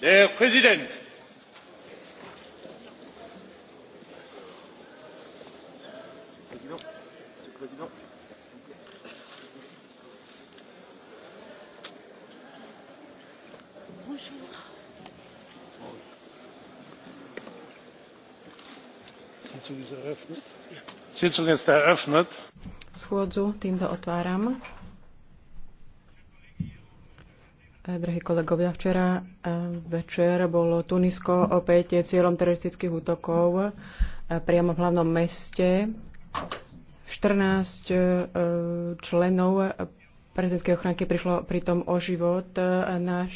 herr präsident! schôdzu týmto otváram. Eh, drahí kolegovia, včera eh, večer bolo Tunisko opäť cieľom teroristických útokov eh, priamo v hlavnom meste. 14 členov prezidentskej ochranky prišlo pritom o život. Náš